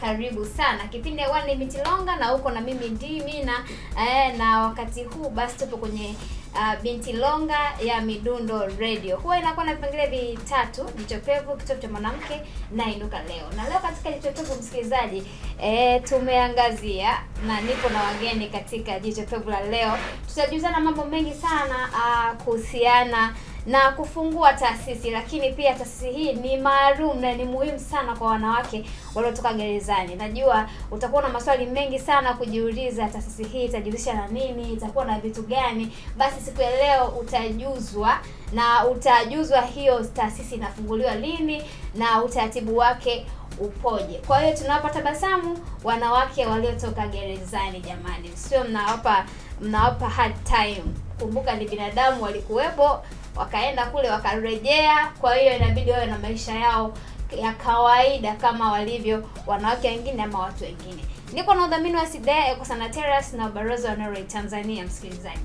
Karibu sana kipindi ya One Limit Longa na uko na mimi Ndimina eh, na wakati huu basi tupo kwenye uh, Binti Longa ya Midundo Radio. Huwa inakuwa na vipengele vitatu: jicho pevu, kitovu cha mwanamke na inuka leo. Na leo katika jicho pevu, msikilizaji, eh, tumeangazia na nipo na wageni katika jicho pevu la leo. Tutajuzana mambo mengi sana uh, kuhusiana na kufungua taasisi, lakini pia taasisi hii ni maalum na ni muhimu sana kwa wanawake waliotoka gerezani. Najua utakuwa na maswali mengi sana kujiuliza, taasisi hii itajihusisha na nini? Itakuwa na vitu gani? Basi siku ya leo utajuzwa na utajuzwa hiyo taasisi inafunguliwa lini na utaratibu wake upoje. Kwa hiyo tunawapa tabasamu wanawake waliotoka gerezani. Jamani, sio mnawapa mnawapa hard time. Kumbuka ni binadamu walikuwepo wakaenda kule wakarejea. Kwa hiyo inabidi wawe na maisha yao ya kawaida kama walivyo wanawake wengine ama watu wengine. Niko na udhamini wa Sidea Sana Terrace na Ubalozi wa Norway Tanzania. Msikilizaji,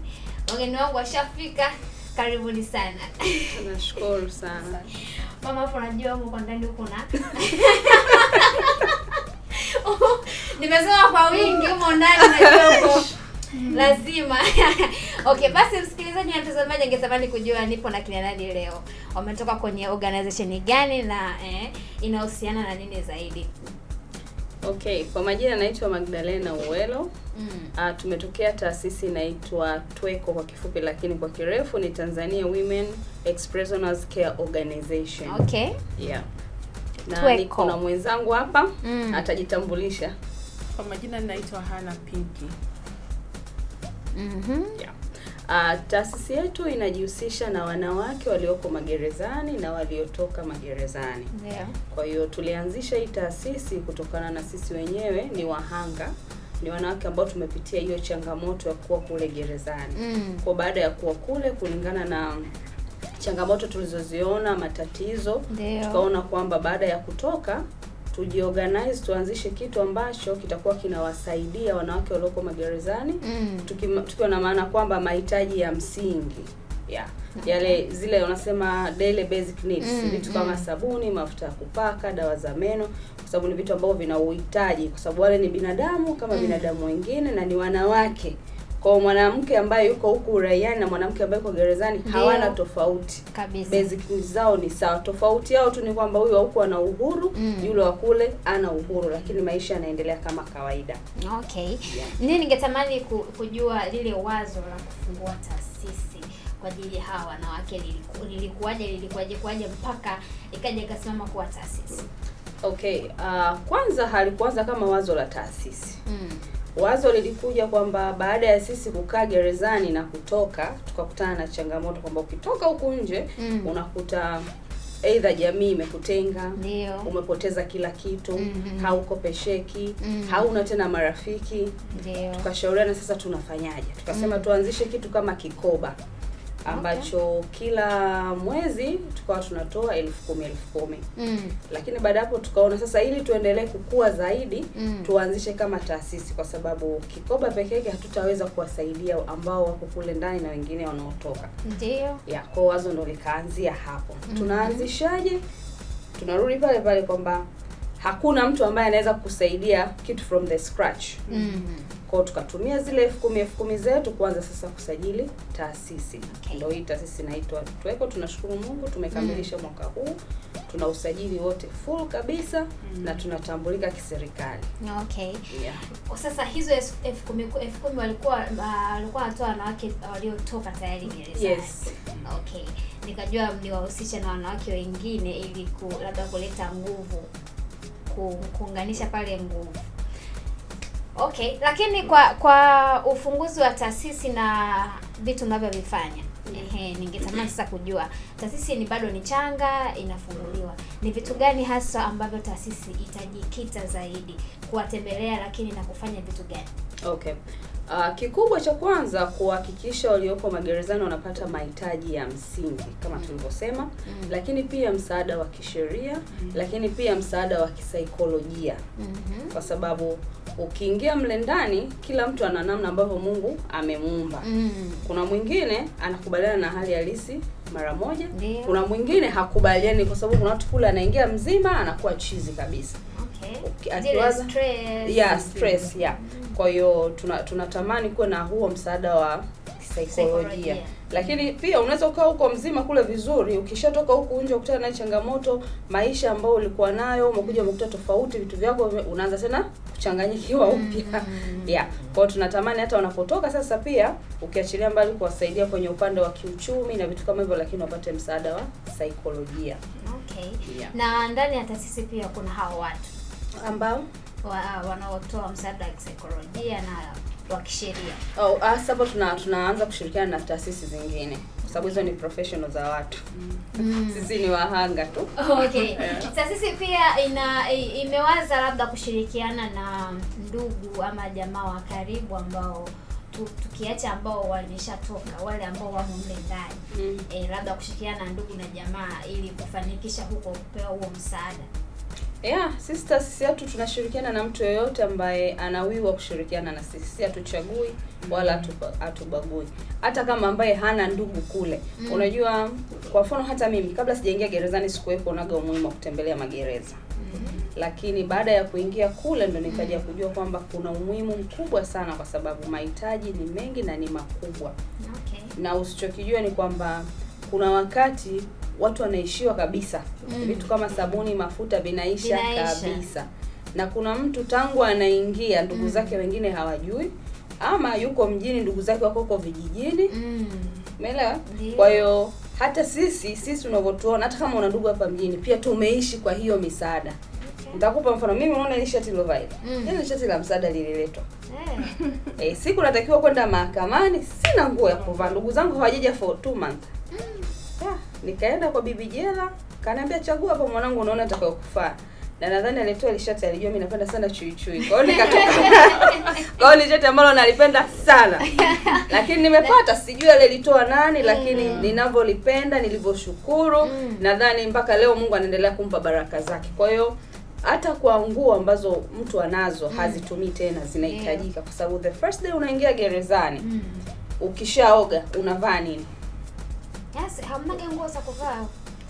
wageni wangu washafika, karibuni sana. Nashukuru sana mama, unajua huko ndani kuna nimesema kwa wingi humo ndani najua lazima okay. Basi msikilizaji na mtazamaji angetamani kujua nipo na kina nani leo, wametoka kwenye organization gani na eh, inahusiana na nini zaidi? Okay, kwa majina naitwa Magdalena Uwelo. Mm. Uh, tumetokea taasisi inaitwa tweko kwa kifupi, lakini kwa kirefu ni Tanzania Women Ex Prisoners Care Organization. Okay. Yeah. Na niko na mwenzangu hapa mm. Atajitambulisha. Kwa majina naitwa Hana Pinki mm -hmm. yeah. Uh, taasisi yetu inajihusisha na wanawake walioko magerezani na waliotoka magerezani yeah. Kwa hiyo tulianzisha hii taasisi kutokana na sisi wenyewe ni wahanga ni wanawake ambao tumepitia hiyo changamoto ya kuwa kule gerezani mm. Kwa baada ya kuwa kule, kulingana na changamoto tulizoziona, matatizo tukaona kwamba baada ya kutoka tujiorganize tuanzishe kitu ambacho kitakuwa kinawasaidia wanawake walioko magerezani mm. tukiwa na maana kwamba mahitaji ya msingi yeah. Okay. Yale zile unasema daily basic needs mm, vitu mm. kama sabuni, mafuta ya kupaka, dawa za meno, kwa sababu ni vitu ambavyo vina uhitaji, kwa sababu wale ni binadamu kama mm. binadamu wengine na ni wanawake kwa mwanamke ambaye yuko huku uraiani na mwanamke ambaye yuko gerezani hawana tofauti kabisa. Basic zao ni sawa, tofauti yao tu ni kwamba huyu wa huku ana uhuru mm, yule wa kule ana uhuru, lakini maisha yanaendelea kama kawaida. Okay, yeah. Nini ningetamani kujua lile wazo la kufungua taasisi kwa ajili ya hawa wanawake lilikuwaje? Lilikuwaje kwaje mpaka ikaja ikasimama kuwa taasisi? Okay, uh, kwanza halikuanza kama wazo la taasisi mm wazo lilikuja kwamba baada ya sisi kukaa gerezani na kutoka, tukakutana na changamoto kwamba ukitoka huku nje mm. unakuta aidha jamii imekutenga, umepoteza kila kitu mm -hmm. hauko pesheki mm -hmm. hauna tena marafiki. Tukashauriana sasa tunafanyaje, tukasema mm -hmm. tuanzishe kitu kama kikoba ambacho okay. Kila mwezi tukawa tunatoa elfu kumi elfu kumi mm. Lakini baada hapo tukaona sasa, ili tuendelee kukua zaidi mm. tuanzishe kama taasisi, kwa sababu kikoba peke yake hatutaweza kuwasaidia ambao wako kule ndani na wengine wanaotoka. Ndio ya kwa wazo ndo likaanzia hapo mm -hmm. Tunaanzishaje? Tunarudi pale pale kwamba hakuna mtu ambaye anaweza kukusaidia kitu from the scratch mm -hmm. Kwao tukatumia zile elfu kumi elfu kumi zetu kuanza sasa kusajili taasisi okay. Ndio hii taasisi inaitwa Tweko. Tunashukuru Mungu tumekamilisha mm -hmm. mwaka huu tuna usajili wote full kabisa mm. na tunatambulika kiserikali. Okay. Yeah. Sasa hizo elfu kumi elfu kumi walikuwa uh, walikuwa watoa wanawake uh, waliotoka tayari gereza. Yes. Okay. Nikajua mliwahusisha na wanawake wengine ili labda kuleta nguvu kuunganisha pale nguvu. Okay, lakini kwa kwa ufunguzi wa taasisi na vitu mnavyovifanya ehe, ningetamani sasa kujua taasisi ni bado ni changa, inafunguliwa, ni vitu gani hasa ambavyo taasisi itajikita zaidi kuwatembelea, lakini na kufanya vitu gani? Okay. Uh, kikubwa cha kwanza kuhakikisha walioko magerezani wanapata mahitaji ya msingi kama mm. tulivyosema, mm. lakini pia msaada wa kisheria mm. lakini pia msaada wa kisaikolojia mm -hmm. kwa sababu ukiingia mle ndani kila mtu ana namna ambavyo Mungu amemuumba. mm. Kuna mwingine anakubaliana na hali halisi mara moja, Dio. Kuna mwingine hakubaliani, kwa sababu kuna watu kule anaingia mzima anakuwa chizi kabisa, okay. Akiwaza, yeah, stress, yeah. Mm. Kwa hiyo tunatamani tuna kuwe na huo msaada wa saikolojia, lakini pia unaweza ukawa huko mzima kule vizuri, ukishatoka huku nje ukutana na changamoto maisha ambayo ulikuwa nayo, umekuja umekuta tofauti vitu vyako, unaanza tena kuchanganyikiwa mm-hmm. upya mm -hmm. yeah. Kwao tunatamani hata wanapotoka sasa, pia ukiachilia mbali kuwasaidia kwenye upande wa kiuchumi na vitu kama hivyo, lakini wapate msaada wa saikolojia okay. yeah. na ndani ya taasisi pia kuna hao watu ambao wanaotoa msaada wa kisaikolojia na wa kisheria. Oh, hasa ah, tuna, tunaanza kushirikiana na taasisi zingine kwa sababu hizo ni professional za watu mm. Sisi ni wahanga tu. Oh, okay. yeah. Sasa sisi pia ina imewaza labda kushirikiana na ndugu ama jamaa wa karibu ambao tukiacha ambao wameshatoka wale ambao wamo mle ndani mm. E, labda kushirikiana na ndugu na jamaa ili kufanikisha huko kupewa huo msaada. Yeah, sister, sisi hatu tunashirikiana na mtu yoyote ambaye anawiwa kushirikiana na sisi. Sisi hatuchagui wala hatubagui, hata kama ambaye hana ndugu kule mm. Unajua, kwa mfano hata mimi kabla sijaingia gerezani sikuwepo naga umuhimu wa kutembelea magereza mm-hmm. Lakini baada ya kuingia kule ndo nikaja mm. kujua kwamba kuna umuhimu mkubwa sana, kwa sababu mahitaji ni mengi na ni makubwa okay. Na usichokijua ni kwamba kuna wakati watu wanaishiwa kabisa mm. vitu kama sabuni, mafuta vinaisha, kabisa, na kuna mtu tangu anaingia ndugu mm. zake wengine hawajui, ama yuko mjini, ndugu zake wako huko vijijini mm. umeelewa? Kwa hiyo hata sisi sisi tunavyotuona, hata kama una ndugu hapa mjini, pia tumeishi kwa hiyo misaada Nitakupa mfano mimi unaona ile shati lova Mm. Ile shati la msaada lililetwa. Eh. Eh, siku natakiwa kwenda mahakamani, sina nguo ya kuvaa. Ndugu zangu hawajaja for 2 months. Mm. Yeah. Nikaenda kwa bibi jela, kaniambia chagua hapo mwanangu, unaona atakayokufaa. Na nadhani alitoa alishati, alijua mimi napenda sana chui chui. Kwa hiyo nikatoka. Kwa hiyo ni ambalo nalipenda sana. Lakini nimepata sijui alilitoa nani, lakini mm. ninavyolipenda, nilivyoshukuru, mm. nadhani mpaka leo Mungu anaendelea kumpa baraka zake. Kwa hiyo hata kwa nguo ambazo mtu anazo mm. hazitumii tena, zinahitajika yeah. kwa sababu the first day unaingia gerezani mm. ukishaoga unavaa nini? Yes, nguo za kuvaa.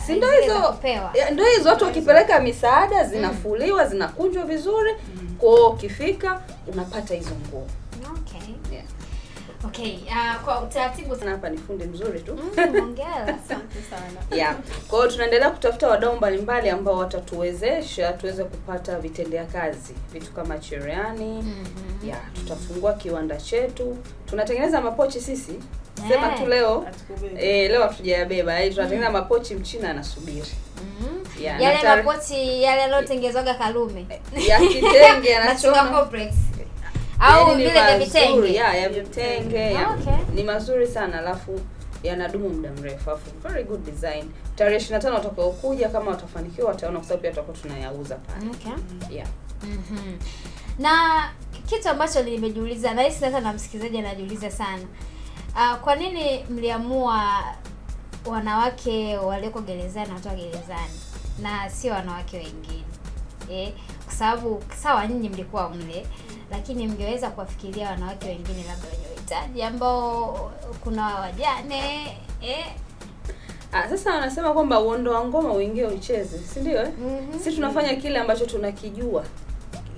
Si ndo hizo? ndo hizo watu wakipeleka misaada zinafuliwa, mm. zinakunjwa vizuri. Mm. Kwao ukifika unapata hizo nguo. Okay. Yeah. Okay, uh, kwa utaratibu sana hapa ni fundi mzuri tu. Mm, hongera. asante sana. Yeah. Kwa hiyo tunaendelea kutafuta wadau mbalimbali ambao watatuwezesha tuweze kupata vitendea kazi, vitu kama cherehani. Mm -hmm. Yeah, tutafungua kiwanda chetu. Tunatengeneza mapochi sisi sema tu leo eh, eh leo hatujayabeba eh, tunatengeneza mm. mapochi mchina anasubiri mm -hmm. yale natar... mapochi yale yalotengezwaga kalume eh, ya kitenge anachoma complex au vile vya vitenge ya ya vitenge mm, ni mazuri sana alafu yanadumu muda mrefu, afu very good design. Tarehe 25 watakao kuja kama watafanikiwa wataona, kwa sababu pia tutakuwa tunayauza pale. Okay. Yeah. Mm -hmm. Na kitu ambacho nimejiuliza, na hisi sasa na msikilizaji anajiuliza sana Uh, kwa nini mliamua wanawake walioko gerezani watoa gerezani na sio wanawake wengine eh? Kwa sababu sawa, nyinyi mlikuwa mle, lakini mngeweza kuwafikiria wanawake wengine labda wenye uhitaji ambao kuna wajane eh? Ah, sasa wanasema kwamba uondo wa ngoma uingie ucheze, si ndio eh? mm -hmm. Si tunafanya kile ambacho tunakijua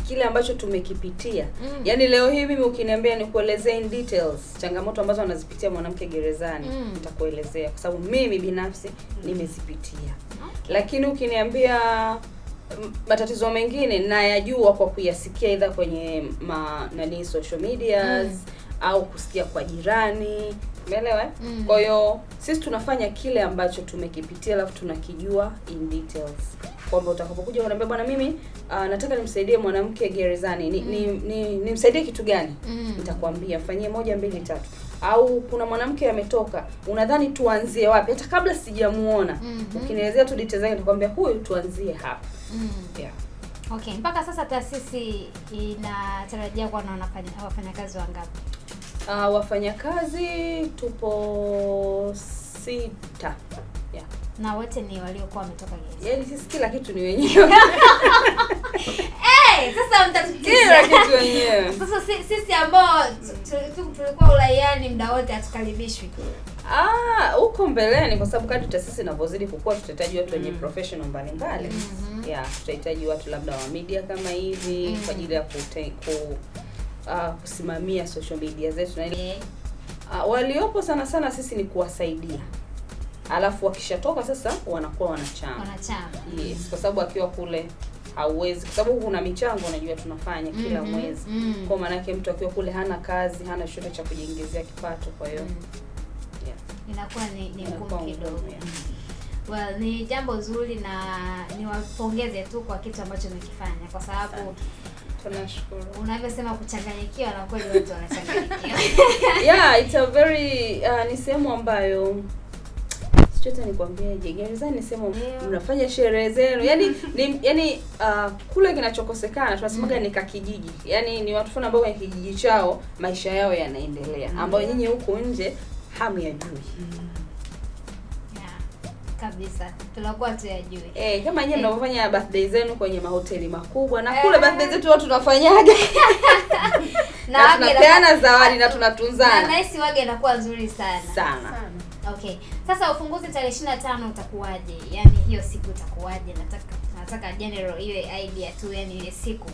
kile ambacho tumekipitia mm. Yaani leo hii mimi ukiniambia kuelezea in details changamoto ambazo anazipitia mwanamke gerezani mm. Nitakuelezea kwa sababu mimi binafsi mm. nimezipitia okay. Lakini ukiniambia mm, matatizo mengine nayajua kwa kuyasikia idha kwenye ma, nani social medias mm. au kusikia kwa jirani Umeelewa? Eh? Mm. Kwa hiyo sisi tunafanya kile ambacho tumekipitia alafu tunakijua in details. Kwamba utakapokuja unaambia bwana mimi uh, nataka nimsaidie mwanamke gerezani. Ni, mm. ni, ni nimsaidie kitu gani? Mm. Nitakwambia fanyie moja mbili tatu. Au kuna mwanamke ametoka, unadhani tuanzie wapi? Hata kabla sijamuona. Mm -hmm. Ukinielezea tu details zake nitakwambia huyu tuanzie hapa. Mm. Yeah. Okay, mpaka sasa taasisi inatarajia kuwa na wafanyakazi wangapi? Uh, wafanyakazi tupo sita yeah. Na wote ni waliokuwa wametoka gereza. Yaani sisi kila kitu ni wenyewe. Eh, sasa mtatukia kitu wenyewe. Sasa sisi ambao tulikuwa ulaiani muda wote hatukaribishwi. Ah, huko mbeleni kwa sababu kadri taasisi inavyozidi kukua tutahitaji watu wenye mm. professional mbalimbali. Mm -hmm. Yeah, tutahitaji watu labda wa media kama hivi mm. kwa ajili ya ku uh, kusimamia social media zetu na okay. Uh, waliopo sana sana sisi ni kuwasaidia, alafu wakishatoka sasa wanakuwa wanachama wanachama, yes, kwa sababu akiwa kule hauwezi kwa sababu kuna michango unajua tunafanya mm -hmm. kila mm-hmm, mwezi mm -hmm. kwa maana yake mtu akiwa kule hana kazi hana shule cha kujiingizia kipato, kwa hiyo mm -hmm. yeah. inakuwa ni, ni ngumu kidogo yeah. Well, ni jambo zuri na niwapongeze tu kwa kitu ambacho umekifanya kwa sababu Saan. Tunashukuru. Unavyosema kuchanganyikiwa na kweli watu wanachanganyikiwa. Yeah, it's a very uh, ni sehemu ambayo sichota nikwambieje. Gerezani ni sehemu mnafanya sherehe zenu. Yaani ni yaani uh, kule kinachokosekana tunasemaga mm. ni kakijiji. Yaani ni watu fulani ambao kwenye kijiji chao maisha yao yanaendelea. Mm. Ambao nyinyi huko nje hamu ya juu. Mm kabisa, tunakuwa tuyajui eh, kama nyinyi eh. mnavyofanya birthday zenu kwenye mahoteli makubwa na eh. kule birthday zetu wao tunafanyaje? na tunapeana zawadi na tunatunzana, na hisi wage inakuwa nzuri sana sana, sana. Okay, sasa ufunguzi tarehe 25 utakuwaje? Yaani hiyo siku itakuwaje? Nataka nataka general iwe idea tu, yani ile siku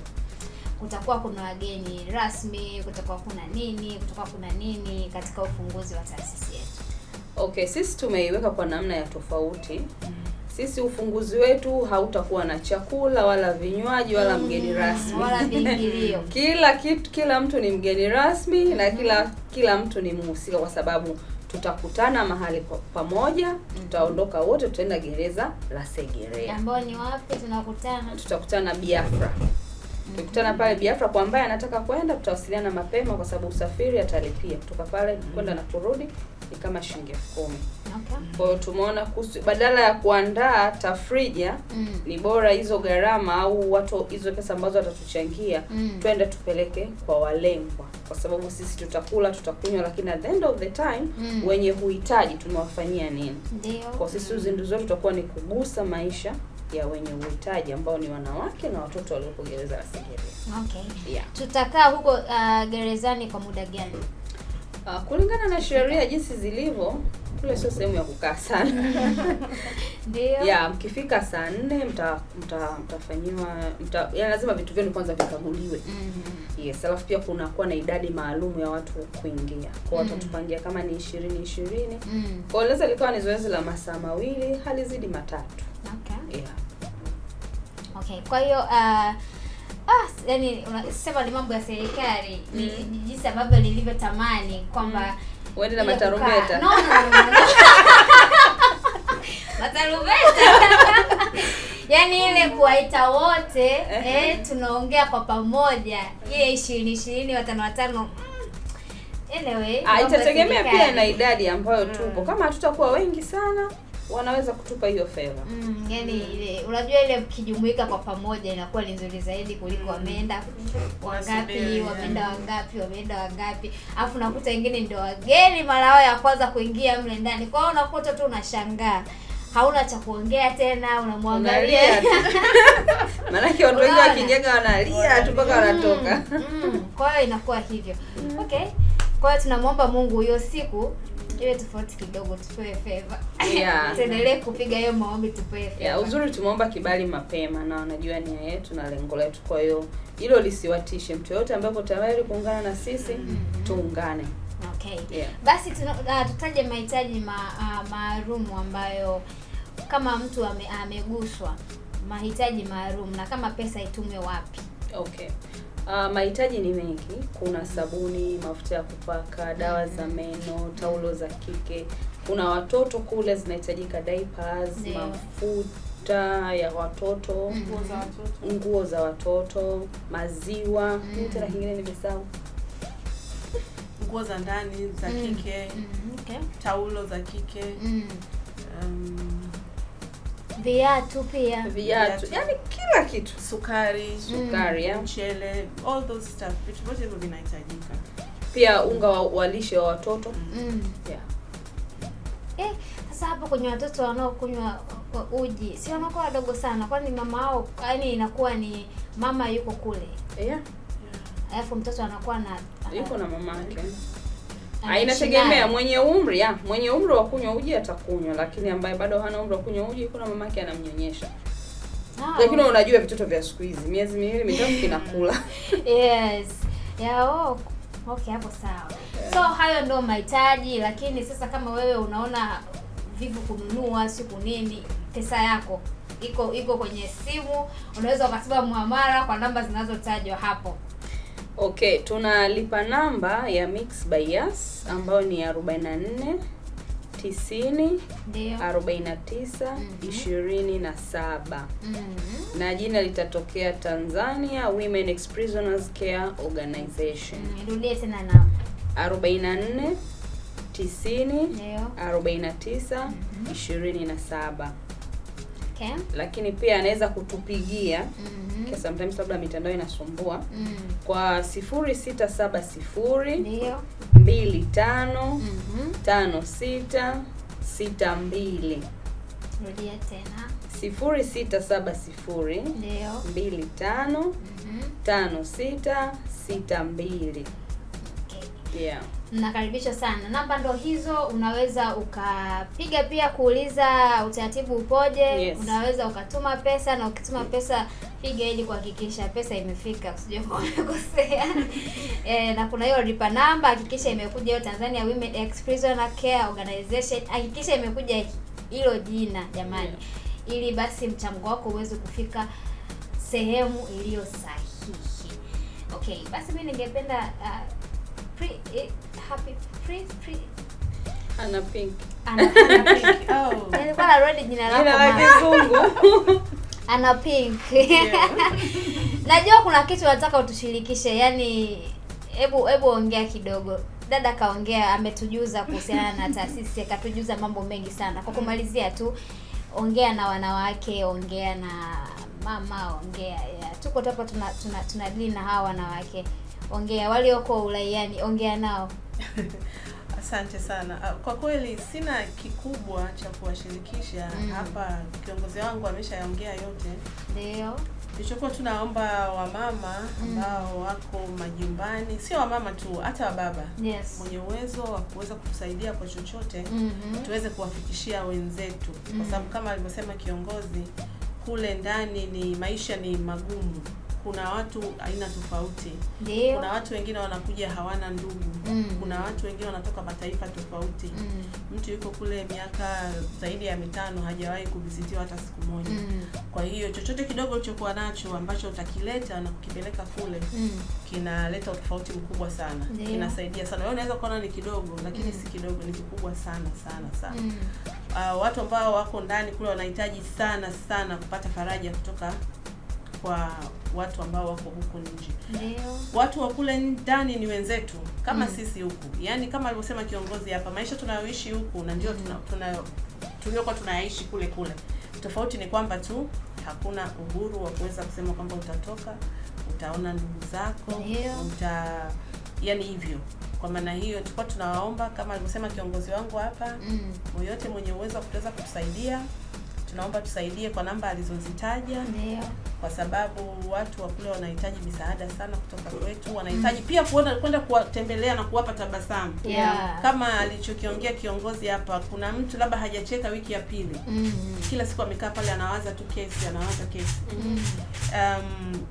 kutakuwa kuna wageni rasmi, kutakuwa kuna nini, kutakuwa kuna nini katika ufunguzi wa taasisi yetu? Okay, sisi tumeiweka kwa namna ya tofauti. Mm. Sisi ufunguzi wetu hautakuwa na chakula wala vinywaji wala mm, mgeni rasmi wala viingilio. Kila kitu, kila mtu ni mgeni rasmi mm -hmm. na mm-hmm. kila kila mtu ni mhusika, kwa sababu tutakutana mahali pamoja, mm-hmm. tutaondoka wote, tutaenda gereza la Segerea. Ambao ni wapi tunakutana? Tutakutana Biafra mm-hmm. tukutana pale Biafra. Kwa ambaye anataka kwenda, tutawasiliana mapema, kwa sababu usafiri atalipia kutoka pale kwenda na kurudi, ni kama shilingi elfu kumi. Okay. Kwa hiyo tumeona badala ya kuandaa tafrija mm. ni bora hizo gharama au watu hizo pesa ambazo watatuchangia mm. twende tupeleke kwa walengwa, kwa sababu sisi tutakula tutakunywa, lakini at the end of the time mm. wenye huhitaji tumewafanyia nini? Ndio. Kwa sisi mm. uzinduzi wetu tutakuwa ni kugusa maisha ya wenye uhitaji ambao ni wanawake na watoto walioko gereza la Segerea. Okay. Yeah. Tutakaa huko uh, gerezani kwa muda gani? Uh, kulingana na sheria jinsi zilivyo kule sio sehemu ya kukaa sana. Ndio. Yeah, mkifika saa nne mta mtafanyiwa mta, mta ya lazima vitu vyenu kwanza vikaguliwe. Mm -hmm. Yes, alafu pia kunakuwa na idadi maalum ya watu kuingia. Kwa watu mm -hmm. tupangia kama ni 20 20. Mm -hmm. Kwa leza likawa ni zoezi la masaa mawili halizidi matatu. Okay. Yeah. Okay. Kwa hiyo uh, yani unasema ni mambo ya serikali mm. ni jinsi ambavyo nilivyotamani kwamba uende mm. na matarumbeta no, no, no, no. matarumbeta yani ile kuwaita wote eh, tunaongea kwa pamoja ile ishirini ishirini watano watano mm. anyway, ah, itategemea pia na idadi ambayo mm. tupo kama hatutakuwa wengi sana wanaweza kutupa hiyo fedha mm, yani mm. Ile unajua ile kijumuika kwa pamoja inakuwa ni nzuri zaidi kuliko mm. wameenda wangapi, wameenda wangapi, wameenda wangapi, afu nakuta wengine ndio wageni mara yao ya kwanza kuingia mle ndani, kwa hiyo unakuta tu unashangaa hauna cha kuongea tena, unamwangalia maanake watu wengi wakijenga wanalia tu mpaka wanatoka. Mm, mm. Kwa hiyo inakuwa hivyo. Mm. Okay, kwa hiyo tunamwomba Mungu hiyo siku iwe tofauti kidogo, tupewe feva yeah. Tuendelee kupiga hiyo maombi, tupewe feva yeah. Uzuri tumeomba kibali mapema na wanajua nia yetu na lengo letu, kwa hiyo hilo lisiwatishe mtu yoyote uko tayari kuungana na sisi mm -hmm. Tuungane. Okay yeah. Basi tuna, uh, tutaje mahitaji ma, uh, ah, maalumu ambayo kama mtu ameguswa, mahitaji maalum na kama pesa itumwe wapi? Okay. Uh, mahitaji ni mengi. Kuna sabuni, mafuta ya kupaka, dawa za meno, taulo za kike. Kuna watoto kule zinahitajika diapers, mafuta ya watoto, nguo za watoto, maziwa. Mm. Tena kingine nimesahau nguo za ndani za mm. kike, mm. okay. taulo za kike. Mm. Um, viatu pia viatu, yani kila kitu, sukari, mm. sukari, mchele, all those stuff, vitu vyote hivyo vinahitajika, pia unga wa walishe wa watoto mm. mm. yeah. Eh, sasa hapo kwenye watoto wanaokunywa uji si wanakuwa wadogo sana, kwani mama ao, yani inakuwa ni mama yuko kule, eh, alafu yeah. mtoto anakuwa na yuko na mama yake Ah, inategemea mwenye umri ya, mwenye umri wa kunywa uji atakunywa, lakini ambaye bado hana umri wa kunywa uji kuna yake anamnyonyesha. Lakini unajua vitoto vya siku hizi miezi miwili mitatu kinakula. Yes. oh. Okay, hapo sawa. Yeah. So hayo ndio mahitaji, lakini sasa kama wewe unaona vivu kununua siku nini, pesa yako iko iko kwenye simu, unaweza ukasiba muamala kwa namba zinazotajwa hapo. Okay, tunalipa namba ya mix by Yas ambayo ni 44 90 49 27 na jina litatokea Tanzania Women Ex Prisoners Care Organization. Nirudie mhm, tena namba 44 90 49 27 Okay. Lakini pia anaweza kutupigia mm -hmm. Sometimes labda mitandao inasumbua mm. Kwa sifuri sita saba sifuri ndio mbili tano mm -hmm. tano sita sita mbili. Rudia tena sifuri sita saba sifuri mbili tano mm -hmm. tano sita sita mbili. Okay. Yeah. Nakaribisha sana. Namba ndo hizo, unaweza ukapiga pia kuuliza utaratibu upoje. Yes. Unaweza ukatuma pesa na ukituma pesa piga ili kuhakikisha pesa imefika, usije kukosea. E, eh, na kuna hiyo lipa namba, hakikisha imekuja hiyo Tanzania Women Ex Prisoner Care Organization, hakikisha imekuja hilo jina jamani. Yeah. Ili basi mchango wako uweze kufika sehemu iliyo sahihi. Okay, basi mimi ningependa uh, Eh, ana pink najua kuna kitu nataka utushirikishe, yani hebu hebu ongea kidogo. Dada kaongea, ametujuza kuhusiana na taasisi, akatujuza mambo mengi sana. Kwa kumalizia tu, ongea na wanawake, ongea na mama, ongea yeah. Tuko tapa tuna tuna, tuna na hawa wanawake ongea walioko uraiani, ongea nao Asante sana. Ah, kwa kweli sina kikubwa cha kuwashirikisha mm. Hapa kiongozi wangu ameshaongea yote. Ndio tulichokuwa tunaomba wamama mm. ambao mm. wako majumbani, sio wamama tu, hata wababa yes. mwenye uwezo wa kuweza kutusaidia kwa chochote mm -hmm. tuweze kuwafikishia wenzetu mm -hmm. kwa sababu kama alivyosema kiongozi kule ndani, ni maisha ni magumu kuna watu aina tofauti. Ndiyo. Kuna watu wengine wanakuja hawana ndugu mm. Kuna watu wengine wanatoka mataifa tofauti mm. Mtu yuko kule miaka zaidi ya mitano hajawahi kuvisitiwa hata siku moja mm. Kwa hiyo chochote kidogo ulichokuwa nacho ambacho utakileta na kukipeleka kule mm. kinaleta utofauti mkubwa sana. Ndiyo. Kinasaidia sana. Wewe unaweza kuona ni kidogo lakini mm. si kidogo, ni kikubwa sana sana sana mm. Uh, watu ambao wako ndani kule wanahitaji sana sana kupata faraja kutoka kwa watu ambao wako huku nje. Ndio. Watu wa kule ndani ni wenzetu kama mm. sisi huku, yaani kama alivyosema kiongozi hapa, maisha tunayoishi huku na ndio mm. tuna tuliokuwa tunayaishi kule kule, tofauti ni kwamba tu hakuna uhuru wa kuweza kusema kwamba utatoka utaona ndugu zako uta yaani hivyo kwa maana hiyo tulikuwa tunawaomba kama alivyosema kiongozi wangu hapa, mm. yoyote mwenye uwezo wa kutuweza kutusaidia tunaomba tusaidie kwa namba alizozitaja, ndio kwa sababu watu wa kule wanahitaji misaada sana kutoka kwetu, wanahitaji mm. pia kuona kwenda kuwatembelea na kuwapa tabasamu yeah. kama alichokiongea kiongozi hapa, kuna mtu labda hajacheka wiki ya pili mm. kila siku amekaa pale anawaza tu kesi, anawaza kesi mm. um,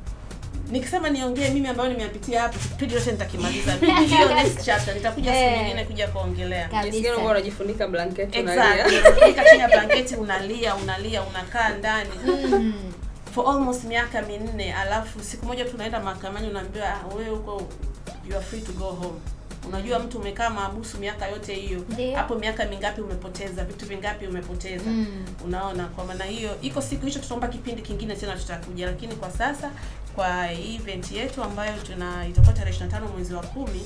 nikisema niongee mimi ambayo nimeyapitia hapo kipindi chote nitakimaliza mimi hiyo next chapter nitakuja siku eh. nyingine kuja kuongelea jinsi ngoro unajifunika blanketi unalia Exactly. unajifunika chini ya blanketi unalia unalia unakaa ndani mm. for almost miaka minne alafu siku moja tunaenda mahakamani unaambiwa ah, wewe uko you are free to go home Unajua mtu umekaa maabusu miaka yote hiyo, hapo miaka mingapi umepoteza, vitu vingapi umepoteza? mm. Unaona, kwa maana hiyo iko siku hicho, tutaomba kipindi kingine tena tutakuja, lakini kwa sasa kwa event yetu ambayo tuna itakuwa tarehe 25 mwezi wa kumi,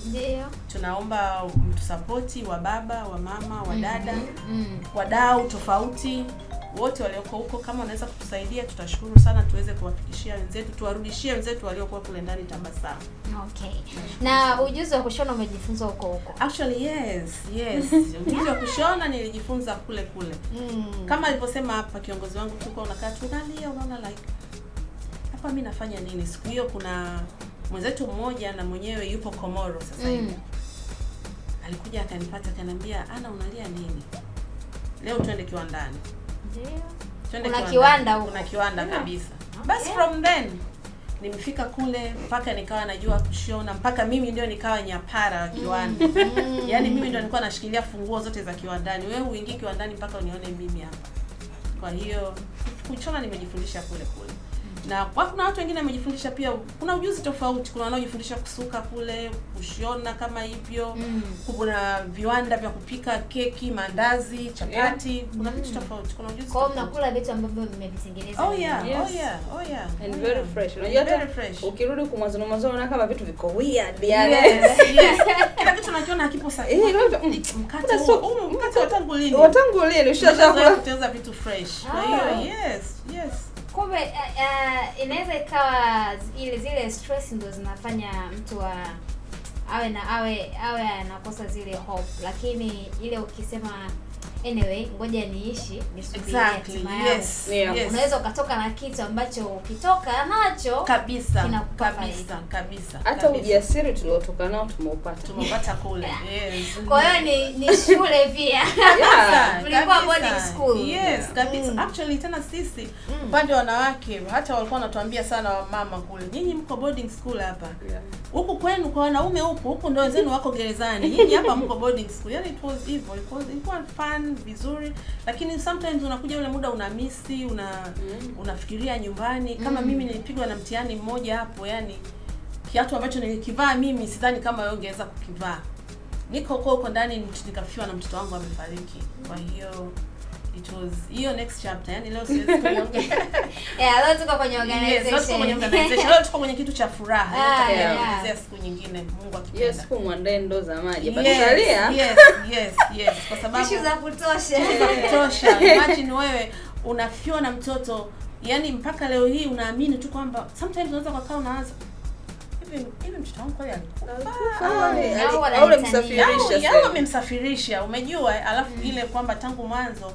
tunaomba mtusapoti wa baba wa mama wa mm. dada mm mm. wadau tofauti wote walioko huko, kama wanaweza kutusaidia tutashukuru sana, tuweze kuwafikishia wenzetu, tuwarudishie wenzetu waliokuwa kule ndani tabasamu. Okay. Na ujuzi wa kushona umejifunza huko huko? Actually yes, yes. Ujuzi wa kushona nilijifunza kule kule. Mm. Kama alivyosema hapa kiongozi wangu, tulikuwa unakaa tunalia, unaona like hapa mimi nafanya nini? Siku hiyo kuna mwenzetu mmoja na mwenyewe yupo Komoro sasa mm. hivi. Mm. Alikuja akanipata akaniambia, "Ana unalia nini? Leo tuende kiwandani." kuna kiwanda huko, kuna kiwanda kabisa. Basi from then nimefika kule mpaka nikawa najua kushona, mpaka mimi ndio nikawa nyapara wa kiwanda mm. mm. Yaani mimi ndio nilikuwa nashikilia funguo zote za kiwandani. Wewe uingie kiwandani mpaka unione mimi hapa. Kwa hiyo kuchona nimejifundisha kule kule na kwa kuna watu wengine wamejifundisha pia, kuna ujuzi tofauti. Kuna wanaojifundisha kusuka kule, kushona kama hivyo mm. Kuna viwanda vya kupika keki, mandazi, chapati yeah. Kuna vitu mm. tofauti, kuna ujuzi kwa mnakula vitu ambavyo mmevitengeneza. Oh yeah, oh, yes. oh yeah, oh yeah and oh, very yeah. fresh. Unajua very fresh, ukirudi kwa mwanzo mwanzo unaona kama vitu viko weird yani yes, yes. kila kitu unakiona hakipo sahihi eh, mkate so, mm. mkate watangu mm, lini, watangu lini ushaanza kutengeneza vitu fresh, kwa hiyo ah. yes kumbe uh, uh, inaweza ikawa ile zile stress ndo zinafanya mtu wa awe na awe awe anakosa zile hope, lakini ile ukisema anyway, ngoja niishi nisubiri exactly. Yes, yeah. Yes. Unaweza ukatoka na kitu ambacho ukitoka nacho kabisa kabisa kabisa, hata ujasiri tuliotoka nao tumeupata tumeupata kule yeah. yes. Kwa hiyo ni, ni shule pia yeah, tulikuwa boarding school yes mm. kabisa mm. Actually tena sisi mm. upande mm. wa wanawake hata walikuwa wanatuambia sana wamama kule, nyinyi mko boarding school hapa yeah huku kwenu kwa wanaume huku huku ndio wenzenu wako gerezani, nyinyi hapa mko boarding school. Yani it was hivyo, it was was fun vizuri, lakini sometimes unakuja ule muda una miss una mm. unafikiria nyumbani kama mm. mimi nilipigwa na mtihani mmoja hapo, yani kiatu ambacho nilikivaa mimi sidhani kama wewe ungeweza kukivaa. Niko huko huko ndani nikafiwa na mtoto wangu amefariki, kwa hiyo it was hiyo next chapter, yani leo siwezi kuongea. Yeah, leo tuko kwenye organization. Yes, kwenye organization. Leo tuko kwenye kitu cha furaha. Ah, yeah, yeah. siku nyingine Mungu akipenda. Yes, siku mwandae ndo za maji. yes, Yes, yes, yes. Kwa sababu issues za kutosha. za Kutosha. Imagine wewe unafiwa na mtoto, yani mpaka leo hii unaamini tu kwamba sometimes unaweza kwa kaa unaanza hivi mtoto wangu kweli alikufa au amemsafirisha, umejua alafu mm-hmm. ile kwamba tangu mwanzo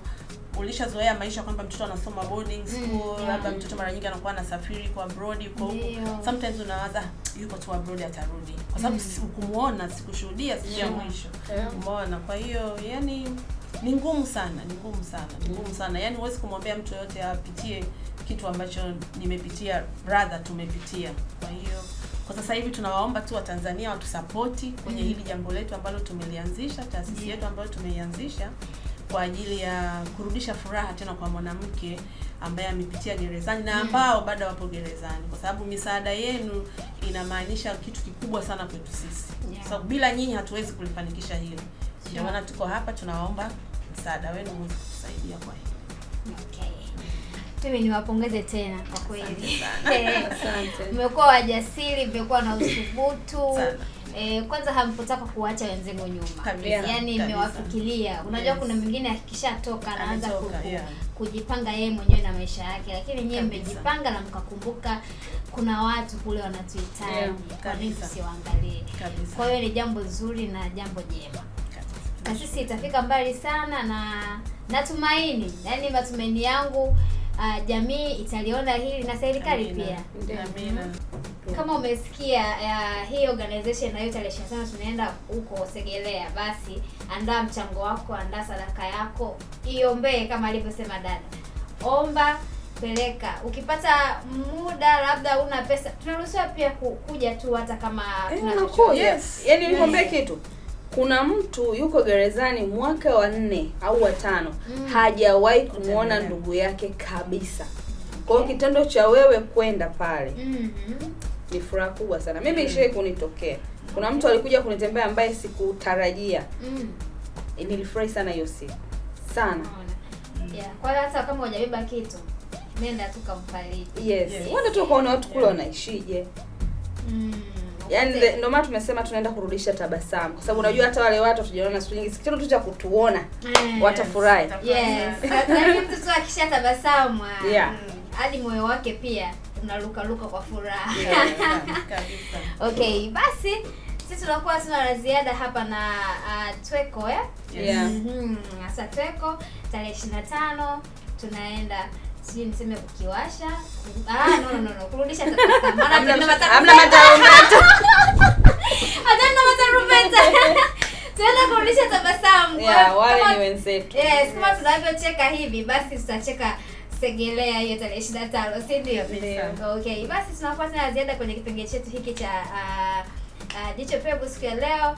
ulishazoea maisha kwamba mtoto anasoma boarding mm, school mm, labda yeah. Mtoto mara nyingi anakuwa anasafiri kwa abroad kwa huko yeah. Sometimes unawaza ah, yuko tu abroad atarudi, kwa sababu mm. Ukumuona sikushuhudia siku ya mwisho yeah. Umeona, kwa hiyo yani ni ngumu sana, ni ngumu sana, ni ngumu mm. sana yani, huwezi kumwambia mtu yoyote apitie kitu ambacho nimepitia, brother tumepitia. Kwa hiyo kwa sasa hivi tunawaomba tu Watanzania watusapoti kwenye mm. hili jambo letu ambalo tumelianzisha, taasisi yetu ambayo tumeianzisha kwa ajili ya kurudisha furaha tena kwa mwanamke ambaye amepitia gerezani na ambao bado wapo gerezani, kwa sababu misaada yenu inamaanisha kitu kikubwa sana kwetu sisi kwa sababu bila nyinyi hatuwezi kulifanikisha hilo, ndio maana tuko hapa tunawaomba msaada wenu muweze kutusaidia kwa hili Mimi niwapongeze tena kwa kweli, mmekuwa wajasiri, mmekuwa na uthubutu eh, kwanza hamkutaka kuwacha wenzenu nyuma yani imewafikiria. Unajua yes. kuna mwingine akishatoka anaanza kujipanga yeye mwenyewe na maisha yake, lakini nyewe mmejipanga na mkakumbuka kuna watu kule wanatuhitaji yeah. kwa nini tusiwaangalie? Kwa hiyo ni jambo zuri na jambo jema na sisi itafika mbali sana, na natumaini, yani matumaini yangu uh, jamii italiona hili na serikali pia. Amina. Mhm. Kama umesikia uh, hii organization na tarehe ishirini tunaenda huko Segelea, basi andaa mchango wako, andaa sadaka yako, iombee kama alivyosema dada, omba peleka. Ukipata muda, labda una pesa, tunaruhusiwa pia kuja tu, hata kama eh, tuna chochote. Yaani yes, kitu kuna mtu yuko gerezani mwaka wa nne au wa tano mm. hajawahi kumwona ndugu yake kabisa. Kwa hiyo kitendo cha wewe kwenda pale mm -hmm. ni furaha kubwa sana. Mimi mm. ishawahi kunitokea, kuna mtu alikuja kunitembea ambaye sikutarajia mm. E, nilifurahi sana hiyo siku sana. Yeah. Kwa hiyo hata kama hujabeba kitu nenda tu kamfariji. Yes. Yes. Wenda tu ukaona watu kule wanaishije. mm. Yaani ndio maana tumesema tunaenda kurudisha tabasamu kwa sababu unajua hata wale watu tujaona siku nyingi, kitendo tu cha kutuona watafurahi. Yes. Lakini mtoto akisha tabasamu ah, mm, hadi moyo wake pia unaruka ruka kwa furaha. Yeah, okay, basi sisi tunakuwa tuna la ziada hapa na uh, Tweko eh? Yeah. Mm -hmm. Asa Tweko tarehe 25 tunaenda sijui niseme kukiwasha. Ah, no, no, no, kurudisha tuenda kurudisha tabasamu. Wale ni wenzetu, yes. Kama tunavyocheka hivi, basi tutacheka segelea hiyo tarehe ishirini na tano, si ndio? Okay, basi tunafuata na ziada kwenye kipengele chetu hiki cha uh, uh, jicho pevu siku ya leo.